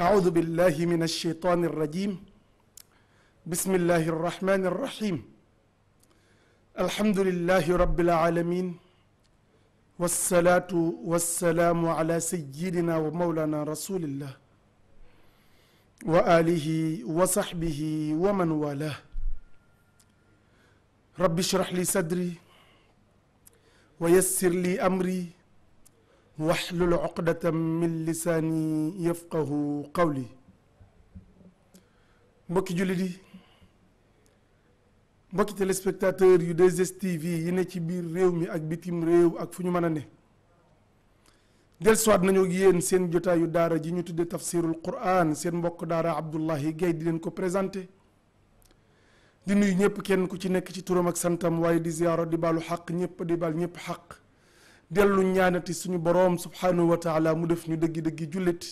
أعوذ بالله من الشيطان الرجيم بسم الله الرحمن الرحيم الحمد لله رب العالمين والصلاة والسلام على سيدنا ومولانا رسول الله وآله وصحبه ومن والاه رب اشرح لي صدري ويسر لي أمري waxlul uqdatam min lisaani yafqahu qawli mbokki jullit yi mbokki téléspectateur yu 2STV yi ne ci biir réew mi ak bitim réew ak fu ñu mën a ne del soit nañu yéen seen jotaayu daara ji ñu tudde tafsirul quran seen mbokk daara Abdullahi Gaye di leen ko présenté di nuyu ñëpp kenn ku ci nekk ci turam ak santam waaye di ziyaaro di baalu xaq ñëpp dibal baal ñëpp xaq dellu ñaanati suñu boroom subhanahu wa taala mu def ñu dëggi-dëggi jullit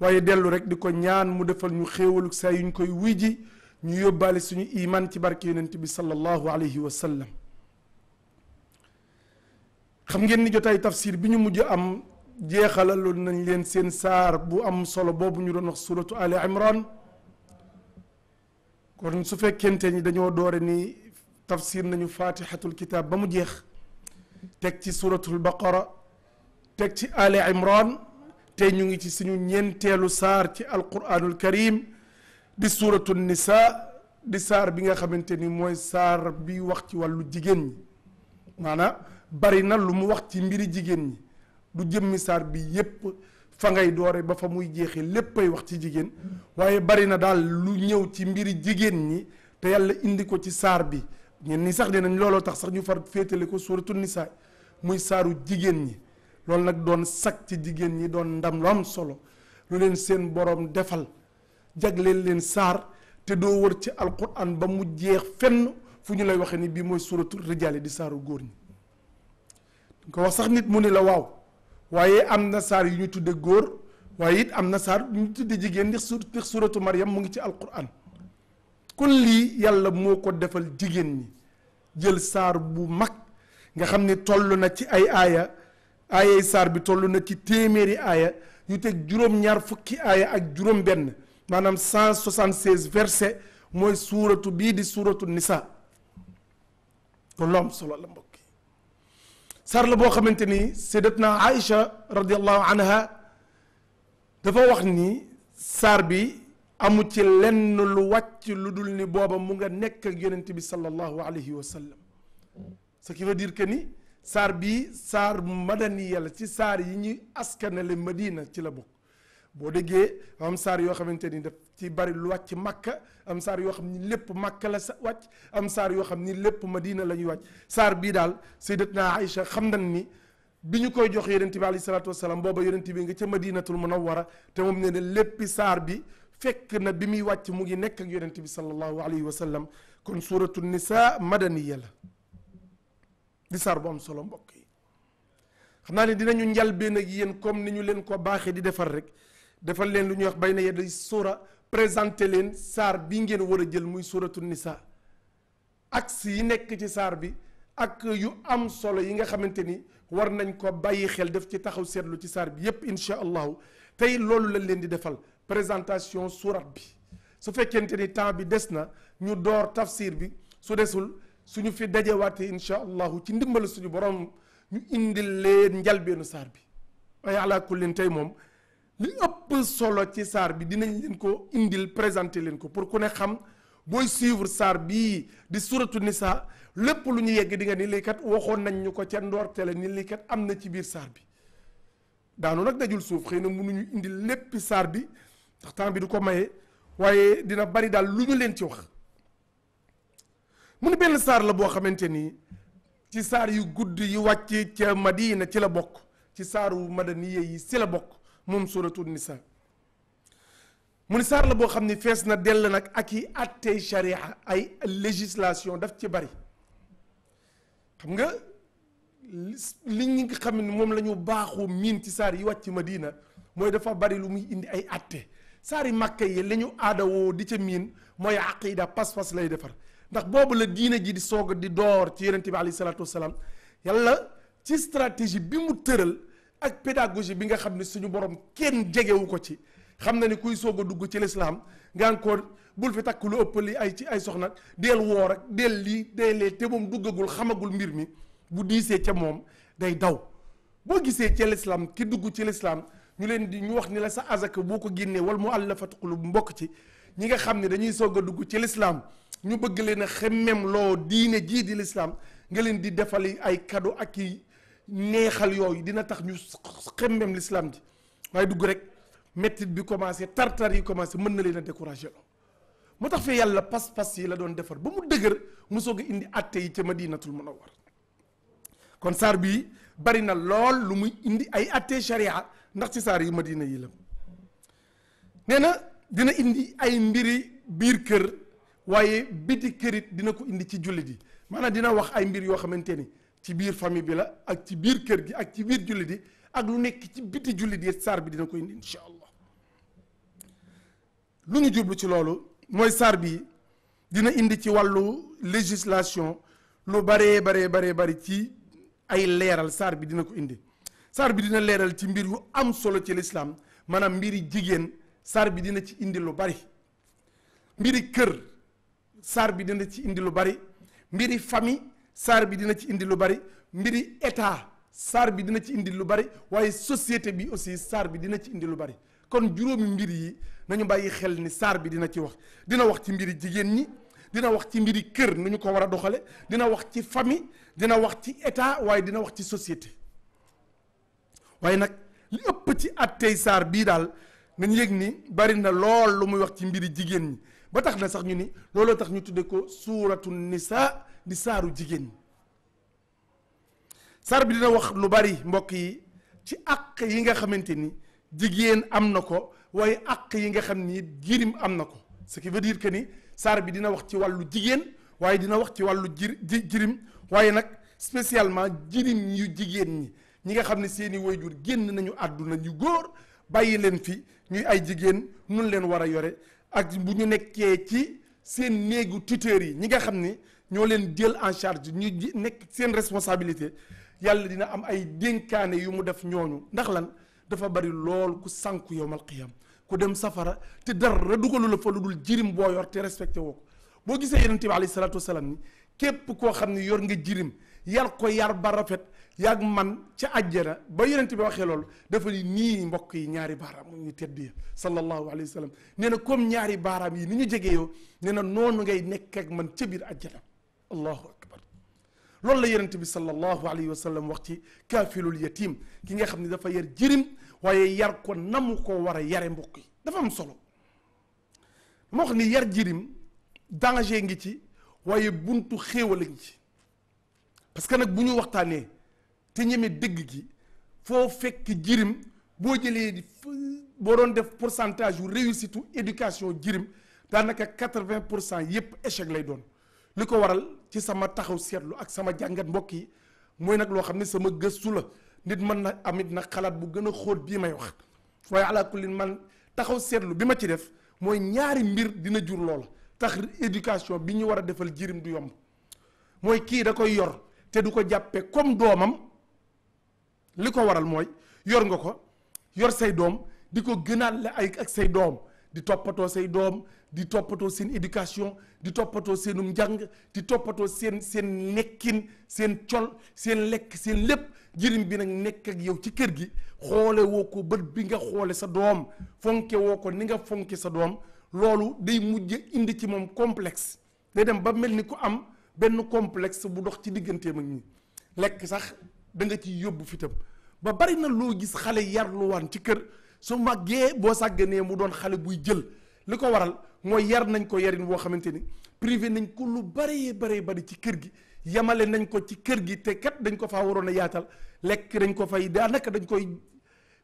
waaye dellu rek di ko ñaan mu defal ñu xéewalu saa yu ñu koy wiji ñu yóbbaale suñu iman ci barke yonent bi sallallahu alayhi wa sallam xam ngeen ni jotaay tafsir bi ñu mujj am jeexalaloon nañ leen seen saar bu am solo boobu ñu doon wax suratu ali kon su fekkente ni dañoo doore ni tafsir nañu fatihatul kitab ba mu jeex teg ci suuratu baqara teg ci ali imran tey ñu ngi ci suñu ñeenteelu saar ci alquranul karim di suratul nisa di saar bi nga xamante ni mooy saar bi wax ci wàllu jigéen ñi maanaam bari na lu mu wax ci mbiri jigéen ñi du jëmmi saar bi yépp fa ngay doore ba fa muy jeexee léppay wax ci jigéen waaye bari na daal lu ñëw ci mbiri jigéen ñi te yàlla indi ko ci saar bi ñenn ñi sax nañ looloo tax sax ñu far féetale ko suuratu nisaa muy saaru jigéen ñi loolu nag doon sag ci jigéen ñi doon ndam lu am solo lu leen seen borom defal jagleel leen saar te doo wër ci alquran ba mu jeex fenn fu ñu lay waxee ni bii mooy suuratu rijaali di saaru góor ñi ko wax sax nit mu ni la waaw waaye am na saar yu ñu tuddee góor waaye it am na saar yu ñu tudde jigéen ndax suuratu Maryam mu ngi ci alquran kon lii yàlla moo ko defal jigéen ñi jël saar bu mag nga xam ne toll na ci ay aaya aayay saar bi toll na ci téeméeri aaya yu teg juróom-ñaar fukki aaya ak juróom benn maanaam 176 verset mooy suuratu bii di suuratu nisa kon lu am solo la mbokk saar la boo xamante ni sayyidatna Aïcha radiallahu anha dafa wax ni saar bi amu ci lenn lu wàcc lu dul ni booba mu nga nekk ak yonent bi sallallahu alayhi wa sallam ce qui veut dire que ni saar bii saar madaniya la ci saar yi ñuy askanale madina ci la bokk boo déggee am saar yoo xamante ni daf ci bari lu wàcc makka am saar yoo xam ni lépp makka la sa wàcc am saar yoo xam ni lépp madina la ñuy wàcc saar bii daal sayyidatna Aïcha xam na ni bi ñu koy jox yonent bi alayhi salaatu wasalaam booba yonent bi nga ca madinatul munawwara te moom na léppi saar bi fekk na bi muy wàcc mu ngi nekk ak yonent bi sallallahu alayhi wa sallam kon suuratu nisaa madaniya la di saar bu am solo mbokk yi xam naa ne dinañu njalbeen ak yéen comme ni ñu leen ko baaxee di defar rek defal leen lu ñuy wax bay na yedda suura présenté leen saar bi ngeen war a jël muy suuratu nisaa axe yi nekk ci saar bi ak yu am solo yi nga xamante ni war nañ ko bàyyi xel def ci taxaw seetlu ci saar bi yépp incha allahu tey loolu lañ leen di defal présentation surat bi su fekkente ni temps bi des na ñu door tafsir bi su desul suñu fi dajewaatee incha allahu ci ndimbal suñu borom ñu indil leen njalbeenu saar bi waaye ala kullin tey moom li ëpp solo ci saar bi dinañ leen ko indil présenter leen ko pour ku ne xam booy suivre saar bi di suratu nisa lépp lu ñu yegg di nga ni lii waxoon nañ ñu ko ca ndoortele ni lii kat am na ci biir saar bi daanu nag dajul suuf xëy na mënuñu indil léppi saar bi ndax temps bi du ko maye waaye dina bari daal lu ñu leen ci wax mu ni benn saar la boo xamante ni ci saar yu gudd yi wàcc ca Madina ci la bokk ci saaru madaniye yi si la bokk moom suuratu nisa mu ni saar la boo xam ni fees na dell nag ak i attey sharia ay législation daf ci bari xam nga li ñi nga xam ne moom lañu ñu miin ci saar yi wàcc Madina mooy dafa bari lu muy indi ay atte saari màkka yi li ñu aadawoo di ca miin mooy aqida pas-pas lay defar ndax boobu la diine ji di soog di door ci yonent bi alayhi salaatu wasalaam yàlla ci stratégie bi mu tëral ak pédagogie bi nga xam ne suñu borom kenn jegewu ko ci xam na ni kuy soog a dugg ci lislaam nga encore bul fi takk lu ëpp li ay ci ay soxna deel woor ak deel lii deelee te moom duggagul xamagul mbir mi bu diisee ca moom day daw boo gisee ci lislaam ki dugg ci lislaam ñu leen di ñu wax ni la sa azaka boo ko génnee wal muallafatu qulub mbokk ci ñi nga xam ne dañuy soog a dugg ci lislaam ñu bëgg leen a xemmem loo diine jii di lislaam nga leen di defali ay cadeau ak i neexal yooyu dina tax ñu xemmem lislaam ji waaye dugg rek mettit bi commencé tartar yi commencé mën na leen a découragé loo moo tax fi yàlla pas-pas yi la doon defar ba mu dëgër mu soog a indi atte yi ca a munawwar kon saar bii bari na lool lu muy indi ay atte ndax ci saar yi ma yi la nee na dina indi ay mbiri biir kër waaye biti kërit dina ko indi ci jullit yi maanaam dina wax ay mbir yoo xamante ni ci biir famille bi la ak ci biir kër gi ak ci biir jullit yi ak lu nekk ci biti jullit yi saar bi dina ko indi incha allah lu ñu jublu ci loolu mooy saar bi dina indi ci wàllu législation lu baree baree baree bari ci ay leeral saar bi dina ko indi saar bi dina leeral ci mbir yu am solo ci lislaam maanaam mbiri jigéen saar bi dina ci indi lu bari mbiri kër sar bi dina ci indi lu bari mbiri famille saar bi dina ci indi lu bari mbiri état sar bi dina ci indi lu bari waaye société bi aussi saar bi dina ci indi lu bari kon juróomi mbir yi nañu bàyyi xel ni saar bi dina ci wax dina wax ci mbiri jigéen ñi dina wax ci mbiri kër nu ñu ko war a doxale dina wax ci famille dina wax ci état waaye dina wax ci société waaye nag li ëpp ci attey saar bii daal nañ yëg ni bari na lool lu muy wax ci mbiri jigéen ñi ba tax na sax ñu ni looloo tax ñu tuddee ko suuratu nisaa di saaru jigéen ñi saar bi dina wax lu bari mbokk yi ci àq yi nga xamante ni jigéen am na ko waaye àq yi nga xam ni jirim am na ko ce qui veut dire que ni saar bi dina wax ci wàllu jigéen waaye dina wax ci wàllu jir jirim waaye nag spécialement jirim yu jigéen ñi ñi nga xam ne seeni wayjur génn nañu àdduna ñu góor bàyyi leen fi ñuy ay jigéen nun leen war a yore ak bu ñu nekkee ci seen néegu tuteurs yi ñi nga xam ni ñoo leen jël en charge ñu nekk seen responsabilité yàlla dina am ay dénkaane yu mu def ñooñu ndax lan dafa bari lool ku sànku yowmal qiyam ku dem safara te dara dugalu la fa lu dul jirim boo yor te respecté woo ko boo gisee yonente bi alayhi salaatu wasalaam ni képp koo xam ne yor nga jirim yar ko yar ba rafet yàgg man ca àjjana ba yonent bi waxee loolu dafa ni nii mbokk yi ñaari baaraam ñu tedd yi sallallahu alayhi wa sallam nee na comme ñaari baaraam yi ni ñu jege yow nee na noonu ngay nekk ak man ca biir àjjana allahu akbar loolu la yonent bi sallallahu alayhi wa sallam wax ci kaafilul yatim ki nga xam ne dafa yar jirim waaye yar ko namu ko war a yare mbokk yi dafa am solo moo wax ni yar jirim danger ngi ci waaye buntu xéewal a ngi ci parce que nag bu ñu waxtaanee te ñeme dëgg gi foo fekk jirim boo jëlee boo doon def pourcentage yu réussite u éducation jirim daanaka quatre-vingt pour cent yépp échec lay doon li ko waral ci sama taxaw seetlu ak sama jàngat mbokk yi mooy nag loo xam ne sama gëstu la nit mën na amit nag xalaat bu gën a xóot bii may wax waaye ala kulli man taxaw seetlu bi ma ci def mooy ñaari mbir dina jur lool tax éducation bi ñu war a defal jirim du yomb mooy kii da koy yor te du ko jàppee comme doomam li ko waral mooy yor nga ko yor say doom di ko gënaat la ay ak say doom di toppatoo say doom di toppatoo seen éducation di toppatoo seenum njàng di toppatoo seen seen nekkin seen col seen lekk seen lépp jëriñ bi nag nekk ak yow ci kër gi xoole woo ko bët bi nga xoole sa doom fonke woo ko ni nga fonke sa doom loolu day mujj indi ci moom complex day dem ba mel ni ku am benn complex bu dox ci digganteem ak ñi lekk sax da nga ciy yóbbu fitam ba bari na loo gis xale waan ci kër su màggee boo sàgganee mu doon xale buy jël li ko waral mooy yar nañ ko yarin boo xamante ni privé nañ ko lu baree baree bari ci kër gi yamale nañ ko ci kër gi te kat dañ ko fa waroon a yaatal lekk dañ ko fay daanaka dañ koy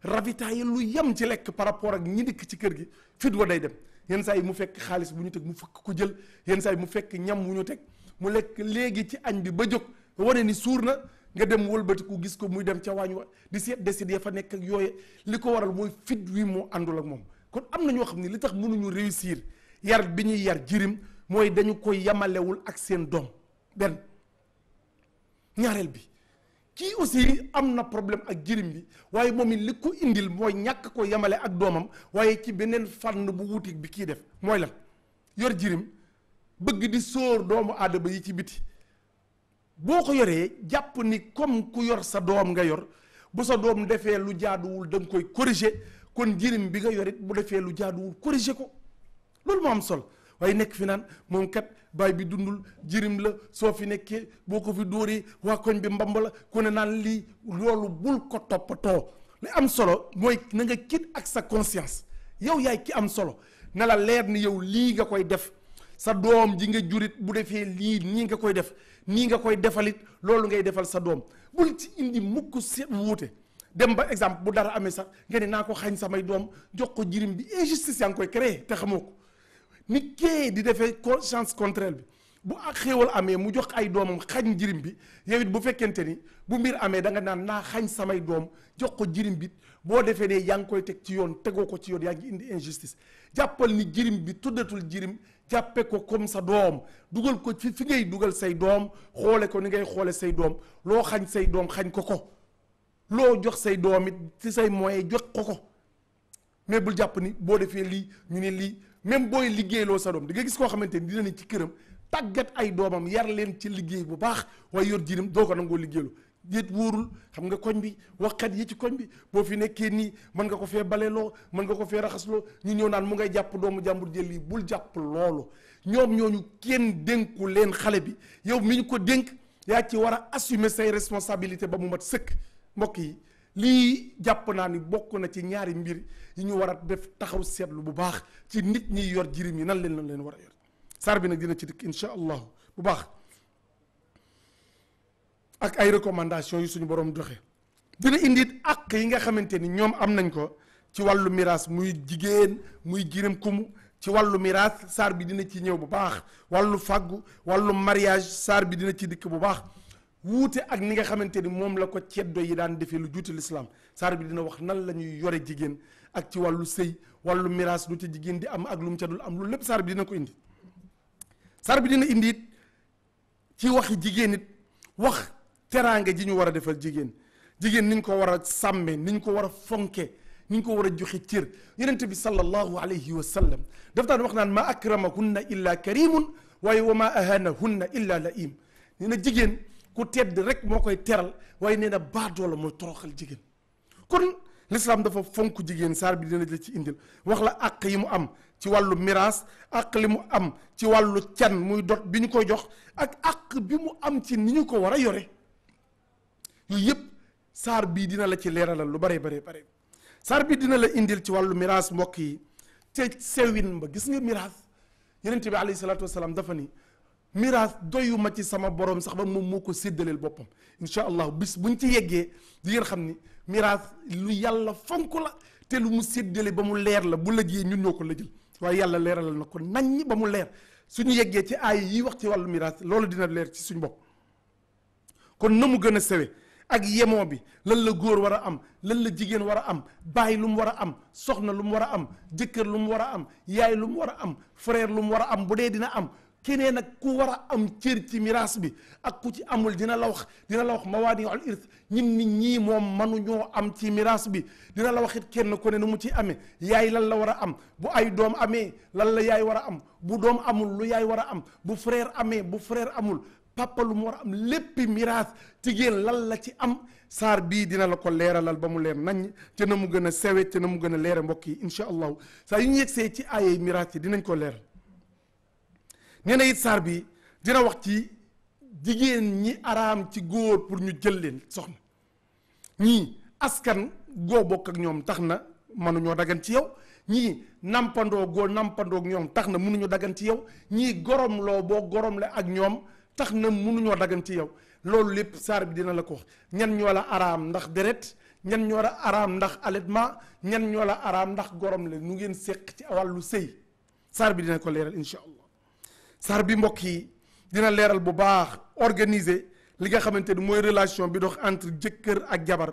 ravitailler lu yem ci lekk par rapport ak ñi dikk ci kër gi fit wa day dem yenn saa yi mu fekk xaalis bu ñu teg mu fukk ko jël yenn saa yi mu fekk ñam wu ñu teg mu lekk léegi ci añ bi ba jóg wane ni suur na nga dem wëlbatiku gis ko muy dem ca waañ wa di seet décides ya fa nekk ak yooye li ko waral mooy fit wi moo àndul ak moom kon am na ñoo xam ne li tax mënuñu réussir yar bi ñuy yar jirim mooy dañu koy yamalewul ak seen doom benn ñaareel bi kii aussi am na problème ak jirim bi waaye moom it li ko indil mooy ñàkk ko yamale ak doomam waaye ci beneen fànn bu wuti bi kii def mooy lan yor jirim bëgg di sóor doomu aadama yi ci biti boo ko yoree jàpp ni comme ku yor sa doom nga yor bu sa doom defee lu jaaduwul da koy corriger kon jirim bi nga yorit bu defee lu jaaduwul corriger ko loolu moo am solo waaye nekk fi naan moom kat baay bi dundul jirim la soo fi nekkee boo ko fi dóoree waa koñ bi mbamba la ku ne naan lii loolu bul ko toppatoo li am solo mooy na nga kit ak sa conscience yow yaay ki am solo na la leer ni yow lii nga koy def sa doom ji nga jurit bu defee lii nii nga koy def nii nga koy defalit loolu ngay defal sa doom bul ci indi mukk seet wuute dem ba exemple bu dara amee sax nga ne naa ko xañ samay doom jox ko jirim bi injustice yaa ngi koy créé ko ni kee di defee conscience contraire bi bu ak xéewal amee mu jox ay doomam xañ jirim bi yow it bu fekkente ni bu mbir amee da nga naan naa xañ samay doom jox ko jirim bi boo defee ne yaa ngi koy teg ci yoon tegoo ko ci yoon yaa ngi indi injustice jàppal ni jirim bi tuddatul jirim jàppe ko comme sa doom dugal ko ci fi ngay dugal say doom xoole ko ni ngay xoole say doom loo xañ say doom xañ ko ko loo jox say doom it ci say moyens jox ko ko mais bul jàpp ni boo defee lii ñu ne lii même booy liggéeyloo sa doom di nga gis koo xamante ni dina ne ci këram tàggat ay doomam yar leen ci liggéey bu baax waaye yor jiinam doo ko nangoo liggéeyloo déet wóorul xam nga koñ bi waxkat yi ci koñ bi boo fi nekkee nii mën nga ko fee baleloo mën nga ko fee raxasloo ñu ñëw naan mu ngay jàpp doomu jàmbur jël lii bul jàpp loolu ñoom ñooñu kenn dénku leen xale bi yow mi ñu ko dénk yaa ci war a assumer say responsabilité ba mu mat sëkk mbokk yi lii jàpp naa ni bokk na ci ñaari mbir yi ñu war a def taxaw seetlu bu baax ci nit ñi yor jirim yi nan leen nan leen war a yor saar bi nag dina ci dikk incha allah bu ak ay recommandations yu suñu borom joxe dina indi ak yi nga xamante ni ñoom am nañ ko ci wàllu miraas muy jigéen muy jirim kumu ci wàllu miraas saar bi dina ci ñëw bu baax wàllu fàggu wàllu mariage saar bi dina ci dikk bu baax wuute ak ni nga xamante ni moom la ko ceddo yi daan defee lu juuti lislaam saar bi dina wax nan la ñuy yore jigéen ak ci wàllu sëy wàllu miraas lu ci jigéen di am ak lu mu ca dul am loolu lépp saar bi dina ko indi saar bi dina indi it ci waxi jigéen it wax teraanga ji ñu war a defal jigéen jigéen ni ñu ko war a sàmmee ni ñu ko war a fonkee ni ñu ko war a joxe cër yonent bi sallallahu alayhi wa sallam daf daan wax naan ma akramahunna illa karimun waaye wa ma ahanahunna illa laim nee na jigéen ku tedd rek moo koy teral waaye nee na baadoo la mooy toroxal jigéen kon l'islam dafa fonk jigéen saar bi dina la ci indil wax la àq yi mu am ci wàllu miraas àq li mu am ci wàllu can muy dot bi ñu koy jox ak àq bi mu am ci ni ñu ko war a yore yii yëpp saar bii dina la ci leeralal lu bare bari bare saar bii dina la indil ci wàllu miraas mbokk yi te sewin ba gis nga miraas yonent bi alayhi salaatu wasalaam dafa ni miraas doyuma ci sama borom sax ba moom moo ko séddaleel boppam incha allah bis buñ ci yeggee di ngeen xam ni yàlla fonk la te lu mu séddale ba mu leer la bu lëjee ñun ñoo ko lëjal waaye yàlla leeralal na ko nañ ba mu leer su ñu yeggee ci aay yi wax ci wàllu miraas loolu dina leer ci suñu bopp kon na mu gën a sewe ak yemoo bi lan la góor war a am lan la jigéen war a am baay lu mu war a am soxna lu mu war a am jëkkër lu mu war a am yaay lum mu war a am frère lu mu war a am bu dee dina am keneen ak ku war a am cër ci miraas bi ak ku ci amul dina la wax dina la wax mawaadiul irs ñun nit ñii moom mënuñoo am ci miraas bi dina la wax it kenn ku ne nu mu ci amee yaay lan la war a am bu ay doom amee lan la yaay war a am bu doom amul lu yaay war a am bu frère amee bu freer amul papa lu mu war am lépp miraas jigéen lan la ci am saar bii dina la ko leeralal ba mu leem nañ ci na mu gën a sewe ci na mu gën a leere mbokk yi incha allahu saa yu ñu ci aayay miraas yi dinañ ko leer nee na it saar bi dina wax ci jigéen ñi araam ci góor pour ñu jël leen soxna ñii askan goo bokk ak ñoom tax na mënuñoo dagan ci yow ñii nampandoo goo nampandoog ñoom tax na mënuñu dagan ci yow ñii gorom loo boo gorom la ak ñoom tax na mënuñoo dagan ci yow loolu lépp saar bi dina la ko wax ñan ñoo la araam ndax deret ñan ñoo la araam ndax allaitement ñan ñoo la araam ndax gorom la mu ngeen seq ci wàllu sëy saar bi dina ko leeral incha allah saar bi mbokk yi dina leeral bu baax organiser li nga xamante ni mooy relation bi dox entre jëkkër ak jabar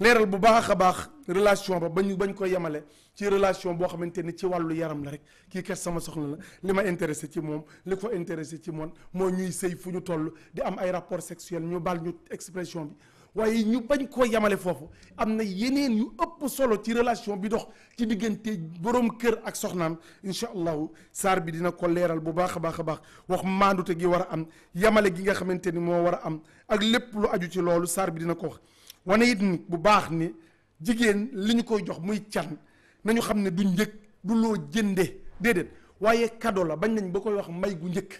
leeral bu baax a baax relation ba bañ bañ ko yemale ci relation boo xamante ni ci wàllu yaram la rek kii kat sama soxna la li ma intéressé ci moom li intéressé ci moom moo ñuy sëy fu ñu toll di am ay rapport sexuel ñu baal ñu expression bi waaye ñu bañ koo yemale foofu am na yeneen ëpp solo ci relation bi dox ci diggante boroom kër ak soxnaam incha allahu saar bi dina ko leeral bu baax a baax a baax wax maandute gi war a am yamale gi nga xamante ni moo war a am ak lépp lu aju ci loolu saar bi dina ko wax wane it ni bu baax ni jigéen li ñu koy jox muy can nañu xam ne du njëkk du loo jënde déedéet waaye cadeau la bañ nañ ba koy wax may gu njëkk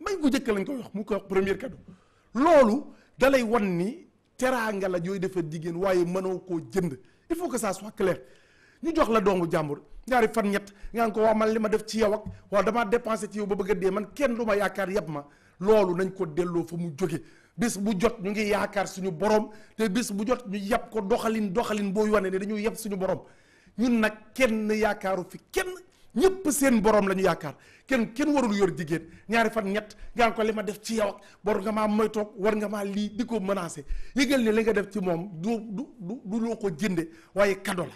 may gu njëkk lañ koy wax mu koy wax premier cadeau loolu dalay wan ni teraanga la yooyu defar jigéen waaye mënoo koo jënd il faut que saa soit clair ñu jox la doomu jàmbur ñaari fan ñett nga ko wax man li ma def ci yow ak dama damaa dépensé ci yow ba bëgg a dee man kenn lu ma yaakaar yab ma loolu nañ ko delloo fa mu jóge bis bu jot ñu ngi yaakaar suñu borom te bis bu jot ñu yab ko doxalin doxalin boo wane ne dañu yab suñu borom ñun nag kenn yaakaaru fi kenn ñëpp seen borom la ñu yaakaar kenn kenn warul yor jigéen ñaari fan ñett nga ko li ma def ci yow ak war nga maa moytoog war nga maa lii di ko menacé yëgal ne li nga def ci moom du du du loo ko jënde waaye kado la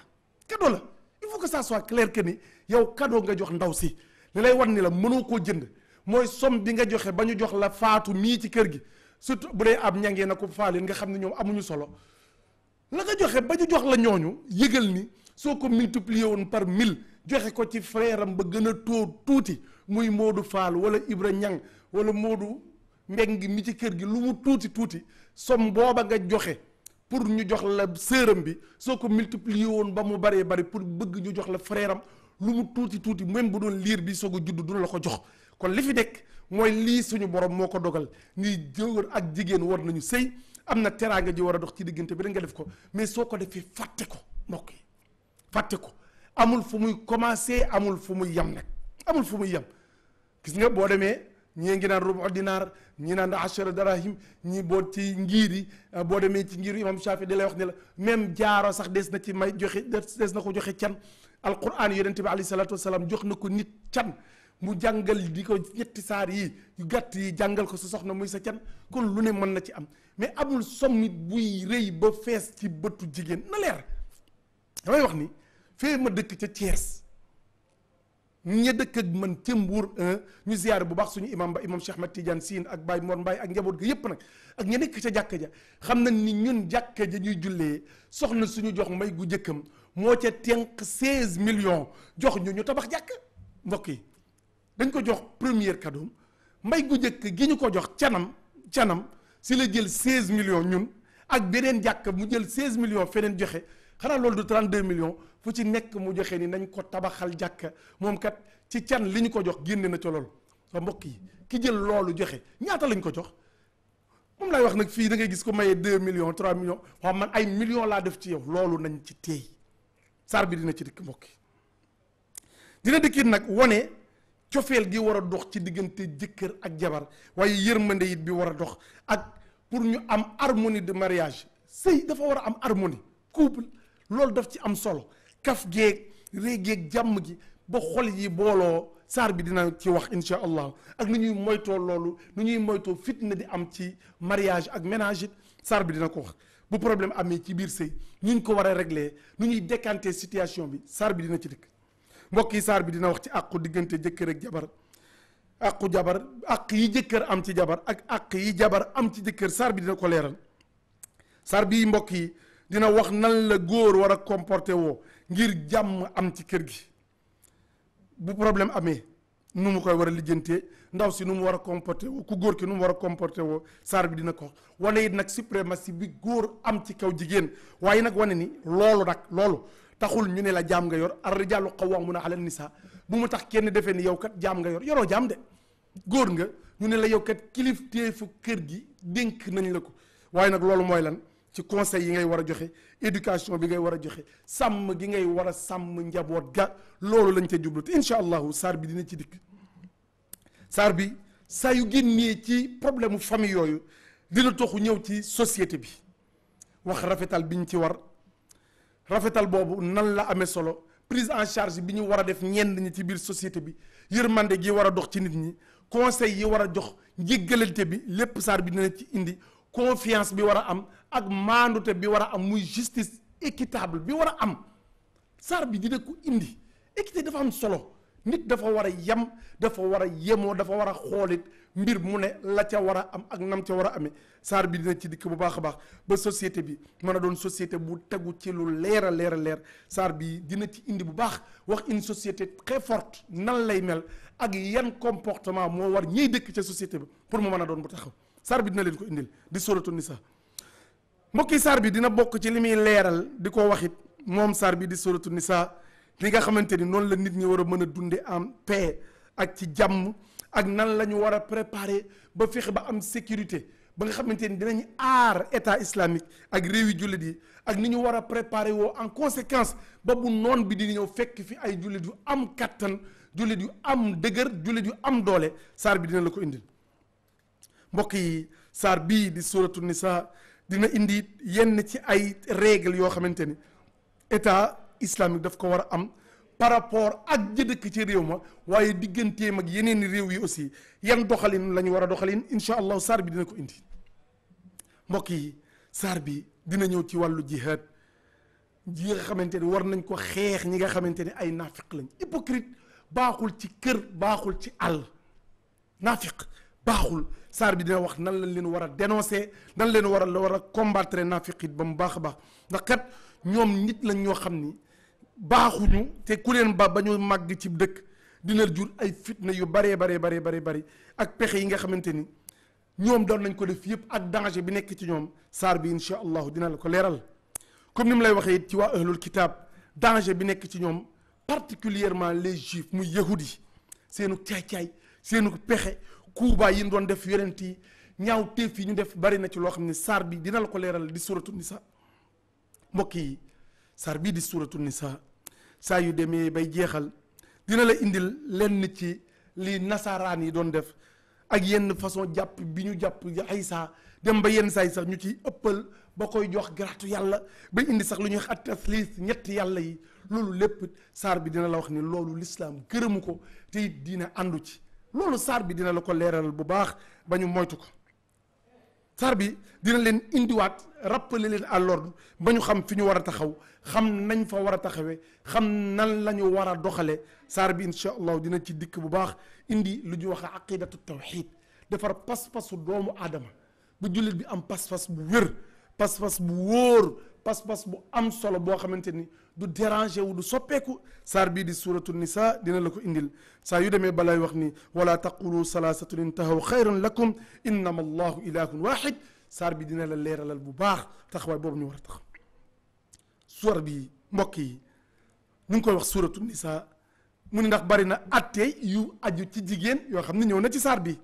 cadeau la il faut que ça soit clair que ni yow cadeau nga jox ndaw si li lay wan ni la mënoo koo jënd mooy somme bi nga joxe ba ñu jox la faatu mii ci kër gi surtout bu dee ab ñangee na ko faalin nga xam ne ñoom amuñu solo la nga joxe ba ñu jox la ñooñu yëgal ni soo ko multiplier woon par mille joxe ko ci frère ba gën a tóo tuuti muy Modou Fall wala Ibra Ñang wala Modou Mbeng mi ci kër gi lu mu tuuti tuuti somme booba nga joxe pour ñu jox la sëram bi soo ko multiplier woon ba mu baree bari pour bëgg ñu jox la frère lu mu tuuti tuuti même bu doon liir bi soog a judd du la ko jox kon li fi nekk mooy lii suñu borom moo ko dogal ni góor ak jigéen war nañu sëy am na teraanga ji war a dox ci diggante bi rek nga def ko mais soo ko defee fàtte ko mbokk yi fàtte ko amul fu muy commencé amul fu muy yem nag amul fu muy yem gis nga boo demee ñii ngi naan rubu dinaar ñii naan achara darahim ñii boo ci njiir yi ah, boo demee ci ngiiru imam Shafi di lay wax ne la même jaaro sax des na ci may joxe des na ko joxe can alquran yonente bi alayhi salaatu wasalaam jox na ko nit can mu jàngal di ko ñetti saar yi yu gàtt yi jàngal ko sa soxna muy sa can kon lu ne mën na ci am mais amul sommit buy rëy ba fees ci bëtu jigéen na leer damay wax ni fee ma dëkk ca Thiès ña dëkk ak man ca Mbour ñu ziyaar bu baax suñu imam ba imam Cheikh Ahmed Tidiane Sine ak Baye Mor Mbaye ak njaboot gi yépp nag ak ña nekk ca jàkk ja xam nañ ni ñun jàkk ja ñuy jullee soxna suñu jox may gu jëkkam moo ca tenk 16 million jox ñu ñu tabax jàkk mbokk yi dañ ko jox première cadeau mbay gu njëkk gi ñu ko jox canam canam si la jël 16 millions ñun ak beneen jàkk mu jël 16 millions feneen joxe xanaa loolu du 32 million fu ci nekk mu joxe ni nañ ko tabaxal jàkk moom kat ci can li ñu ko jox génne na ca loolu sa mbokk yi ki jël loolu joxe ñaata lañ ko jox moom lay wax nag fii da ngay gis ko mayee 2 million 3 millions waaw man ay million laa def ci yow loolu nañ ci téey sar bi dina ci dikk mbokk nag wone cofeel gi war a dox ci diggante jëkkër ak jabar waaye yërmande it bi war a dox ak pour ñu am harmonie de mariage sëy dafa war a am harmonie couple loolu daf ci am solo kaf geeg ree geeg jàmm gi ba xol yi booloo saar bi dina ci wax insha allah ak ni ñuy moytoo loolu nu ñuy moytoo fitna di am ci mariage ak ménage it saar bi dina ko wax bu problème amee ci biir sëy ñu ngi ko war a régler nu ñuy décanter situation bi saar bi dina ci dëkk mbokk yi saar bi dina wax ci àqu diggante jëkkër ak jabar àqu jabar àq yi jëkkër am ci jabar ak àq yi jabar am ci jëkkër saar bi dina ko leeral saar bii mbokk yi dina wax nan la góor war a comporté woo ngir jàmm am ci kër gi bu problème amee nu mu koy war a lijjantee ndaw si nu mu war a comporté woo ku góor ki nu mu war a comporté woo saar bi dina ko wane it nag si bi góor am ci kaw jigéen waaye nag wane ni loolu nag loolu taxul ñu ne la jaam nga yor ar-rijaalu qawwaamuuna ala nisaa bu mu tax kenn defee ni yow kat jaam nga yor yoroo jaam de góor nga ñu ne la yow kat kilifteefu kër gi dénk nañ la ko waaye nag loolu mooy lan ci conseil yi ngay war a joxe éducation bi ngay war a joxe sàmm gi ngay war a sàmm njaboot ga loolu lañ ca jublu te allah allahu saar bi dina ci dikk saar bi saa yu génnee ci problème mu famille yooyu dina toxu ñëw ci société bi wax rafetal biñ ci war. rafetal boobu nan la amee solo prise en charge bi ñu war a def ñenn ñi ci biir société bi yërmande gi war a dox ci nit ñi conseil yi war a jox njéggalante bi lépp saar bi dina ci indi confiance bi war a am ak maandute bi war a am muy justice équitable bi war a am saar bi dina ko indi équité dafa am solo nit dafa war a yem dafa war a yemoo dafa war a xoolit mbir mu ne la ca war a am ak nam ca war a amee saar bi dina ci dikk bu baax a baax ba société bi mën a doon société bu tegu ci lu leer a leer a leer saar bi dina ci indi bu baax wax une société très forte nan lay mel ak yan comportement moo war ñiy dëkk ca société bi pour mu mën a doon bu taxaw saar bi dina leen ko indil di soratu nisa mbokki saar bi dina bokk ci li muy leeral di ko waxit moom saar bi di soratu nisa li nga xamante ni noonu la nit ñi war a mën a dunde en paix ak ci jàmm ak nan la ñu war a préparer ba fexe ba am sécurité ba nga xamante ni dinañ aar état islamique ak réewi jullit yi ak ni ñu war a préparer woo en conséquence ba bu noon bi di ñëw fekk fi ay jullit yu am kattan jullit yu am dëgër jullit yu am doole saar bi dina la ko indi mbokk yi saar bii di suratu nisa dina indi yenn ci ay règle yoo xamante ni état islamique daf ko war a am par rapport ak ja dëkk ci réew ma waaye digganteem ak yeneen réew yi aussi yan doxalin la ñu war a doxalin incha allah saar bi dina ko indi mbokk yi saar bi dina ñëw ci wàllu jihad yi nga xamante ni war nañ ko xeex ñi nga xamante ne ay naafiq lañ hypocrite baaxul ci kër baaxul ci àll naafiq baaxul saar bi dina wax nan lañ leen war a dénoncer nan leen war a war a combattre naafiq ba mu baax a baax ndax kat ñoom nit lañ ñoo xam ni baaxuñu te ku leen ba ba ñu màgg ci dëkk dina jur ay fitna yu baree baree baree baree bari ak pexe yi nga xamante ni ñoom doon nañ ko def yëpp ak danger bi nekk ci ñoom saar bi incha allahu dina la ko leeral comme ni lay waxee it ci waa ahlul kitaab danger bi nekk ci ñoom particulièrement les juifs muy yahud yi seenu caay-caay seenu pexe kuuba yi nu doon def yonent yi ñaaw teef yi ñu def bari na ci loo xam ne saar bi dina la ko leeral di suratu nisa mbokk yi saar bii di suratu nisa saa yu demee bay jeexal dina la indil lenn ci li nasaraan yi doon def ak yenn façon jàpp bi ñu jàpp ay saa dem ba yenn saay sax ñu ci ëppal ba koy jox garaatu yàlla ba indi sax lu ñuy wax tasliis ñetti yàlla yi loolu lépp saar bi dina la wax ni loolu lislaam gërëmu ko te it diina àndu ci loolu saar bi dina la ko leeral bu baax ba ñu moytu ko sar bi dina leen indiwaat rappeler leen à l'ordre ba ñu xam fi ñu war a taxaw xam nañ fa war a taxawee xam nan la ñu war a doxalee sar bi incha allahu dina ci dikk bu baax indi lu ñu wax aqidatu tawxid defar pas-pasu doomu aadama bu jullit bi am pas-pas bu wér pas-pas bu wóor pas-pas bu am solo boo xamante ni du déranger wu du soppeeku saar bii di suratu nisa dina la ko indil saa yu demee balay wax ni wala taqulu salaasatun intahaw xayrun lakum innama allahu ilahun waxid saar bi dina la leeralal bu baax taxawaay boobu ñu war a tax suwar bi mbokk yi ñu ngi koy wax suratu nisa mu ni ndax bari na atte yu aju ci jigéen yoo xam ne ñëw na ci saar bi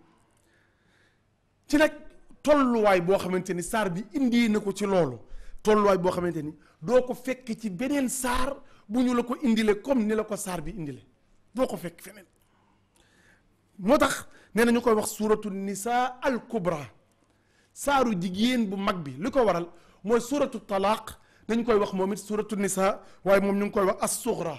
tolluwaay boo xamante ni saar bi indi na ko ci loolu tolluwaay boo xamante ni doo ko fekk ci beneen saar bu ñu la ko indile comme ni la ko saar bi indile doo ko fekk feneen moo tax nee na ñu koy wax suuratu nisaa al kubra saaru jigéen bu mag bi li ko waral mooy suuratu talaaq dañ koy wax moom it suuratu nisaa waaye moom ñu ngi koy wax as suxra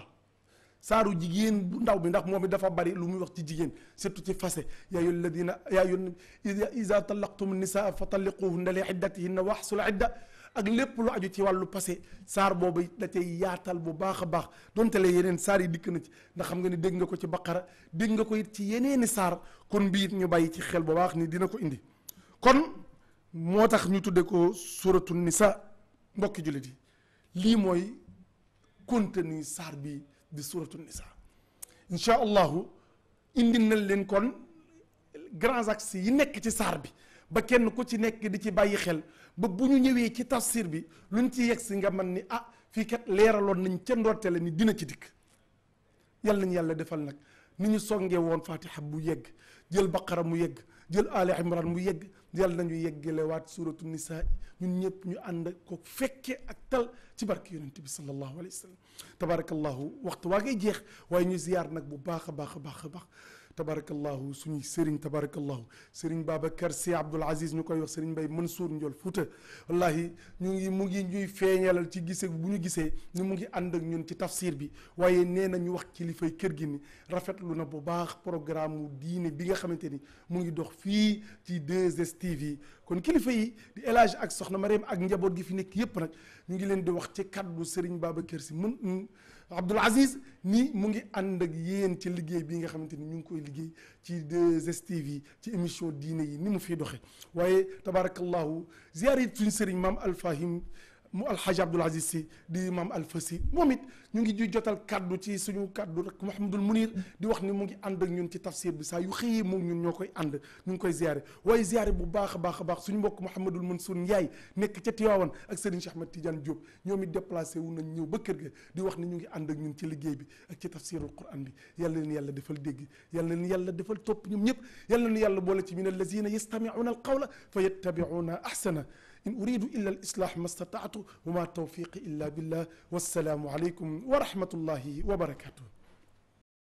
saaru jigéen bu ndaw bi ndax moom it dafa bari lu muy wax ci jigéen surtout ci fase yaa ayyuha alladina yaa ayyuha iza talaqtum nisaa fa talliquhunna li iddatihinna waxsul idda ak lépp lu aju ci wàllu passé saar boobu da cay yaatal bu baax a baax donte la yeneen saar yi dikk na ci ndax xam nga ni dégg nga ko ci baqara dégg nga ko it ci yeneeni saar kon biit ñu bàyyi ci xel bu baax ni dina ko indi kon moo tax ñu tuddee ko suratu nisa mbokki jullit yi lii mooy contenu saar bi di suuratu nisaa incha allahu indi nañ leen kon grands axes yi nekk ci saar bi ba kenn ku ci nekk di ci bàyyi xel ba bu ñu ñëwee ci tafsir bi luñ ci yegg si nga man ni ah fii kat leeraloon nañ ca ndortele ni dina ci dikk yàlla nañ yàlla defal nag ni ñu songee woon fatiha bu yegg jël baqara mu yegg jël ali imran mu yegg yàlla nañu yeggelewaat suratu nisaa ñun ñëpp ñu ànd ko fekke ak tal ci barke yonent bi sallallahu alayhi wa sallam tabarakallahu waxtu waa ngay jeex waaye ñu ziyaar nag bu baax a baax a baax a baax tabarakallahu suñuy sëriñ tabarakallahu sëriñ Babacar Sy Abdoul Aziz ñu koy wax sëriñ Mbaye Mansour Ndiol Fouta wallahi ñu ngi mu ngi ñuy feeñalal ci gise bu ñu gisee ni mu ngi ànd ak ñun ci tafsir bi waaye nee na ñu wax kilifay kër gi ni rafetlu na bu baax programme mu diine bi nga xamante ni mu ngi dox fii ci 2STV kon kilifa yi di El ak soxna Mariam ak njaboot gi fi nekk yépp nag ñu ngi leen di wax ci kaddu sëriñ kër si mën Abdoul Aziz ni mu ngi ànd ak yéen ci liggéey bi nga xamante ni ñu ngi koy liggéey ci de stv yi ci émission diine yi ni mu fiy doxee waaye tabarakallahu ziyaar yi suñu sëriñ maam Alfahim mu alxaaji Abdul Aziz si di imam alfasi moom it ñu ngi ju jotal kàddu ci suñu kaddu rek Mouhamadul Munir di wax ni mu ngi ànd ak ñun ci tafsir bi saa yu xëyee moom ñun ñoo koy ànd ñu ngi koy ziare waaye ziare bu baax a baax a baax suñu mbokk Mouhamadul Mansour Ndiaye nekk ca Tiwaawan ak Serigne Cheikh Ahmed Tidiane Diop ñoom it déplacé wu nañ ñëw ba kër gi di wax ni ñu ngi ànd ak ñun ci liggéey bi ak ci tafsirul Quran bi yàlla leen yàlla defal dégg yàlla leen yàlla defal topp ñoom ñëpp yàlla leen yàlla boole ci min allazina yastamiuna alqawla fa yattabiuna ahsana in uridu illa al islah ma stataatu wa ma tawfiqi illa billah wassalaamu aleykum wa rahmatullahi wa barakatuh